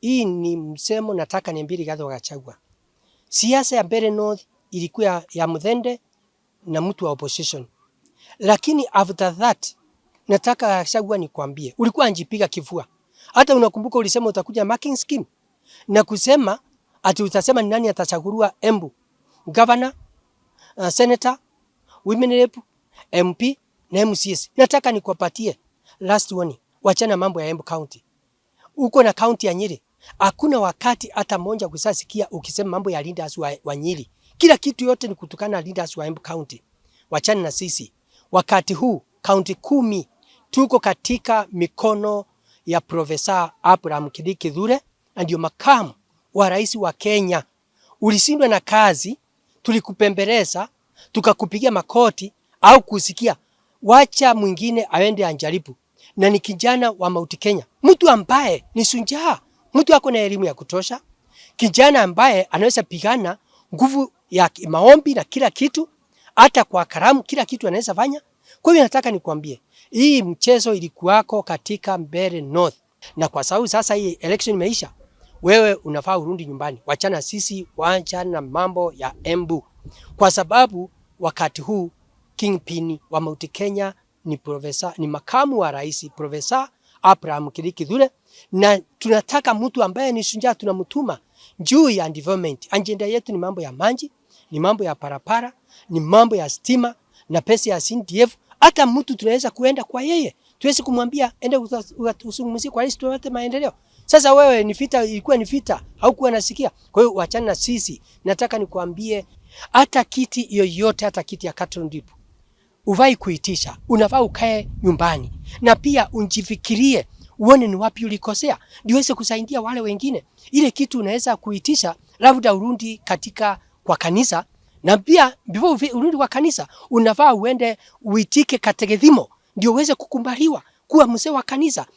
Hii ni msemo nataka ni mbili gatho Gachagua. Siasa ya Mbeere North ilikuwa ya Muthende na mtu wa opposition. Lakini after that nataka Gachagua ni kuambie. ulikuwa anjipiga kifua. Hata unakumbuka ulisema utakuja marking scheme na kusema ati utasema ni nani atachagurua Embu, governor, uh, senator, women rep, MP na MCS. Nataka nikupatie last one. wachana mambo ya Embu County. Uko na county ya Nyeri Hakuna wakati hata mmoja kusasikia ukisema mambo ya Lindas wa, wa Nyeri. Kila kitu yote ni kutokana na Lindas wa Embu County. Wachana na sisi. Wakati huu kaunti kumi tuko katika mikono ya Profesa Abraham Kithure ndio makamu wa rais wa Kenya. Ulishindwa na kazi, tulikupembeleza, tukakupigia makoti au kusikia, wacha mwingine aende anjaribu. Na ni kijana wa Mauti Kenya, mtu ambaye ni sunjaa mtu ako na elimu ya kutosha, kijana ambaye anaweza pigana nguvu ya maombi na kila kitu, hata kwa karamu, kila kitu anaweza fanya. Kwa hiyo nataka nikwambie hii mchezo ilikuwako katika Mbeere North, na kwa sababu sasa hii election imeisha, wewe unafaa urudi nyumbani, wachana sisi, wachana na mambo ya Embu, kwa sababu wakati huu kingpin wa Mount Kenya ni profesa, ni makamu wa rais profesa Abraham Kiriki Dule, na tunataka mtu ambaye ni shujaa, tunamtuma juu ya development. Ajenda yetu ni mambo ya maji, ni mambo ya parapara, ni mambo ya stima na pesa ya CDF. Hata mtu tunaweza kuenda kwa yeye, tuwezi kumwambia ende usungumzie kwa rais tuwate maendeleo. Sasa wewe ni vita, ilikuwa ni vita, haukuwa nasikia. Kwa hiyo wachana na sisi, nataka nikuambie hata kiti yoyote, hata kiti ya Katron Dip uvai kuitisha, unavaa ukae nyumbani na pia unjifikirie, uone ni wapi ulikosea, ndio kusaidia wale wengine. Ile kitu unaweza kuitisha, labda urundi katika kwa kanisa, na pia before urundi kwa kanisa, unavaa uende uitike katekethimo, ndio uweze kukumbaliwa kuwa mzee wa kanisa.